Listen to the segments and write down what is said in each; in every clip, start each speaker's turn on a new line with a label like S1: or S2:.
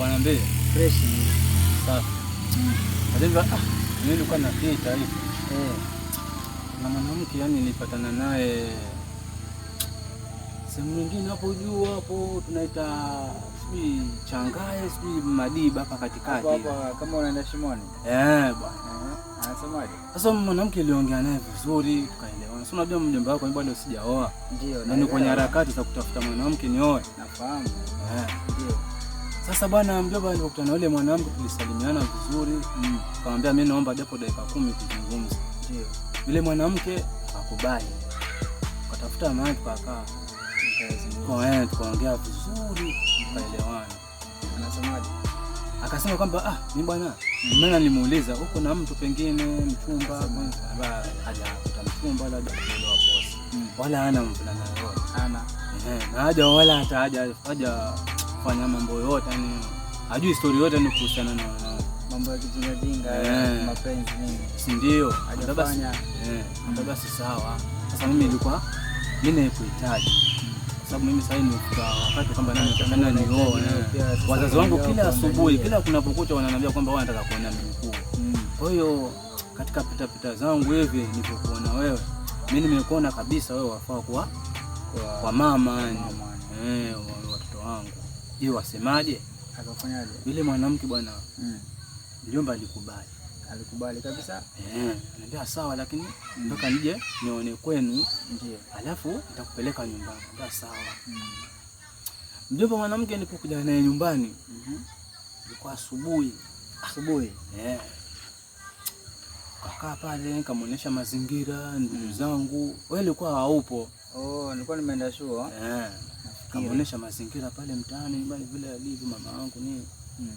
S1: Wanaambia fresh safi. Mm. Ah, nilikuwa na pita hivi eh. na mwanamke yani, nilipatana naye sehemu nyingine hapo juu hapo, tunaita sijui changae sijui Madiba hapa katikati
S2: hapa, kama unaenda Shimoni
S1: eh bwana.
S2: Eh, anasemaje
S1: sasa? Mwanamke aliongea naye vizuri, tukaelewana. Sasa unajua mjomba wako bado sijaoa, ndio na ni kwenye harakati za kutafuta mwanamke nioe, nafahamu eh, ndio sasa bwana mjomba alikutana na yule mwanamke tulisalimiana vizuri, nikamwambia mm, mimi naomba depo dakika kumi kuzungumza. Ndio. Yule mwanamke akubali, Katafuta mahali tukakaa. Tukaongea, eh, tukaongea vizuri, tukaelewana. Anasemaje? Akasema kwamba ah, mimi bwana, mimi nilimuuliza huko na mtu pengine mchumba, kwamba hajakuta mchumba labda kuelewa bosi. Mm, wala ana mvulana yoyote. Ana. Eh, na haja wala hata haja haja kufanya mambo yote, yani hajui story yote ni kuhusiana na
S2: mambo ya kijinga jinga, eh. mapenzi nini, si ndio? Hajafanya
S1: Ndio eh. basi, sawa. Sasa mimi nilikuwa mimi nakuhitaji sababu mimi sasa ni kwa wakati kwamba nani nataka nioe. Wazazi wangu kila asubuhi, kila kunapokucha wananiambia kwamba wao wanataka kuona mimi mkuu. Mm. Kwa hiyo katika pita pita zangu hivi nilipokuona wewe, mimi nimekuona kabisa wewe wafaa kwa kwa mama, eh, watoto wangu Je, wasemaje? Akafanyaje? Yule mwanamke bwana hmm. mjomba mm. alikubali
S2: alikubali kabisa
S1: eh, anambia sawa, lakini mpaka mm. nije nione kwenu, ndio alafu nitakupeleka nyumbani. Ndio sawa mm. mjomba mwanamke nikukuja naye nyumbani mm -hmm. asubuhi asubuhi eh, kakaa pale nikamuonesha mazingira, ndugu hmm. zangu. Wewe ulikuwa haupo?
S2: Oh, nilikuwa nimeenda shule
S1: eh kamuonesha mazingira pale mtaani bali vile alivyo mama wangu ni mm.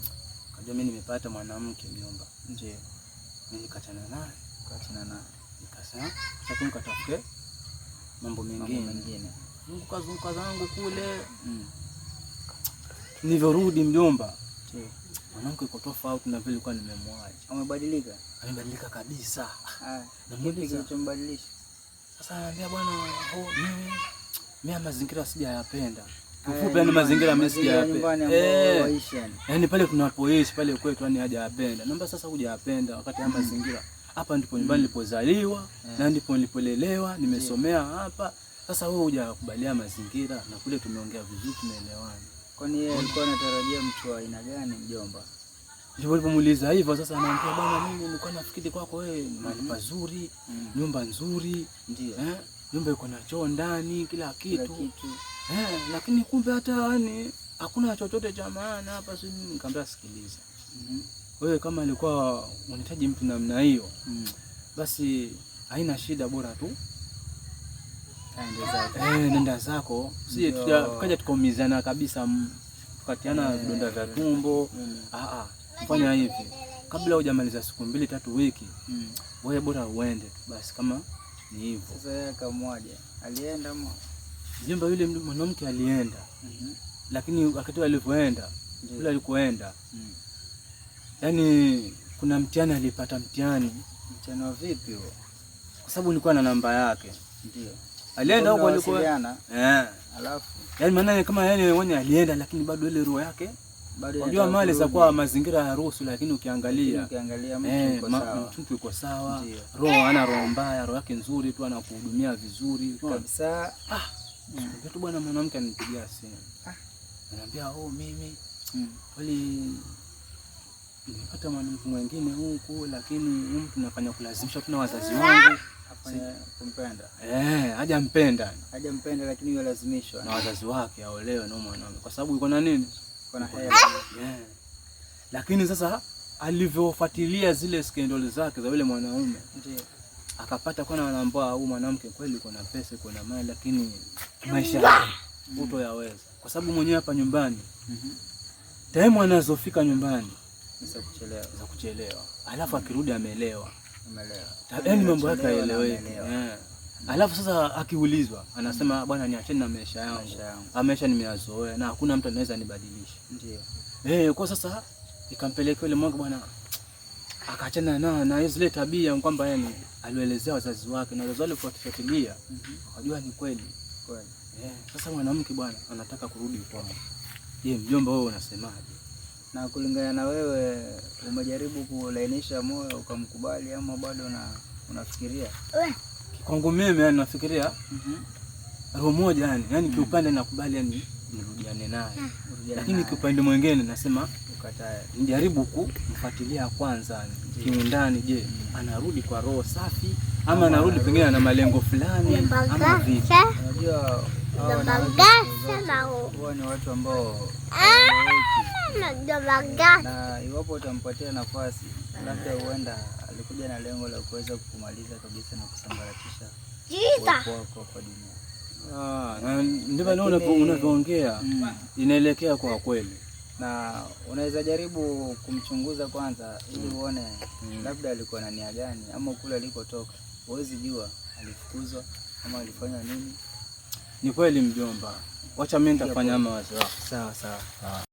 S1: Kajua mimi nimepata mwanamke mjomba, ndio mimi nikachana naye, kachana naye nikasema sasa nikatafute mambo mengine mengine, Mungu kazunguka zangu kule mm. Nilivyorudi mjomba, ndio mwanamke yuko tofauti na vile kwa nimemwacha.
S2: Amebadilika,
S1: amebadilika kabisa.
S2: Ah, na mimi kilichombadilisha
S1: sasa, anambia bwana, oh mimi mimi mazingira sijayapenda kiufupi, eh, yani mazingira mimi sijayapenda, yaani pale tunapoishi pale kwetu, yani hajayapenda. Naomba sasa hujayapenda wakati ya mazingira hapa ndipo nyumbani mm. nilipozaliwa eh. na ndipo nilipolelewa, nimesomea hapa. Sasa wewe hujakubalia mazingira, na kule tumeongea vizuri, tumeelewana.
S2: Kwani yeye alikuwa anatarajia mtu wa aina gani, mjomba?
S1: Ndipo nilipomuuliza hivyo, sasa anaambia bwana, mimi nilikuwa nafikiri kwako wewe ni mahali mm-hmm. pazuri, mm. nyumba nzuri, ndio eh nyumba iko na choo ndani, kila kitu, kitu. Eh, lakini kumbe hata yani hakuna chochote cha maana hapa. Si nikamwambia sikiliza, mm -hmm. wewe kama alikuwa unahitaji mtu namna hiyo mm. basi haina shida, bora tu eh, nenda zako, si tukaja tukaumizana kabisa, tukatiana eh. vidonda vya tumbo. Mm. Ah, ah, Fanya hivi kabla hujamaliza siku mbili tatu, wiki, mm. wewe bora uende basi, kama ni hivyo.
S2: Sasa yeye akamwaje? Alienda mwa
S1: jumba yule mwanamke alienda. Mm-hmm. Lakini wakati alivyoenda yule alikoenda. Mm. Yaani kuna mtihani alipata mtihani.
S2: Mtihani wa vipi huo?
S1: Kwa sababu nilikuwa na namba yake. Ndio. Alienda huko alikuwa.
S2: Eh. Alafu.
S1: Yaani maana kama yeye mwenyewe alienda lakini bado ile roho yake Unajua mali za kwa mazingira ya ruhusu, lakini ukiangalia
S2: mtu
S1: yuko eh, sawa, roho ana roho mbaya, roho yake nzuri tu, anakuhudumia vizuri
S2: kabisa.
S1: Ah, Kitu bwana, mwanamke anipigia simu ah. anambia, oh, mimi hmm. kweli nimepata mwanamke mwingine huku, lakini huyu mtu nafanya kulazimisha tu na wazazi ah. wangu kumpenda eh, hajampenda
S2: hajampenda, lakini yalazimishwa
S1: na wazazi wake aolewe na mwanamke kwa sababu yuko na nini kuna hela eh. yeah. Lakini sasa alivyofuatilia zile skendoli zake za yule mwanaume ndio akapata kuna wanaambia huyu mwanamke kweli kuna pesa kuna mali, lakini maisha uto yaweza, kwa sababu mwenyewe hapa nyumbani mm mm-hmm. taimu anazofika nyumbani
S2: za kuchelewa, za
S1: kuchelewa alafu akirudi amelewa, amelewa, yaani mambo yake haeleweki. Alafu sasa akiulizwa anasema bwana, niacheni na maisha yangu, ah, maisha nimeyazoea na hakuna mtu anaweza nibadilisha. Ndio. Eh, kwa sasa ikampelekea ile mwanga bwana akaachana na na zile tabia kwamba yani alielezea wazazi wake na wazazi wale kufuatilia, mhm. Wajua ni kweli kweli. Eh, sasa mwanamke bwana anataka kurudi kwao. Je, mjomba wewe unasemaje?
S2: Na kulingana na wewe umejaribu kulainisha moyo ukamkubali ama bado una unafikiria?
S1: Kwangu mimi yani nafikiria mhm. roho moja yani, yani mhm. kiupande nakubali yani
S2: nirudiane naye. Ah,
S1: Lakini kiupande mwingine nasema nijaribu kumfuatilia kwanza kiundani, je, mhm. anarudi kwa roho safi ama anarudi pengine ana malengo fulani
S2: ama vipi? Unajua hao ni watu ambao ah! na iwapo utampatia nafasi, labda huenda alikuja na lengo la kuweza kukumaliza kabisa na kusambaratisha uwepo wako kwa dunia.
S1: Ah, ndivyo unavyoongea mm. inaelekea kwa kweli,
S2: na unaweza jaribu kumchunguza kwanza ili mm. uone mm. labda alikuwa na nia gani, ama kule alikotoka huwezi jua alifukuzwa ama alifanya nini.
S1: Ni kweli mjomba, wacha mimi nitafanya ama wasiwako.
S2: Sawa sawa. Ah.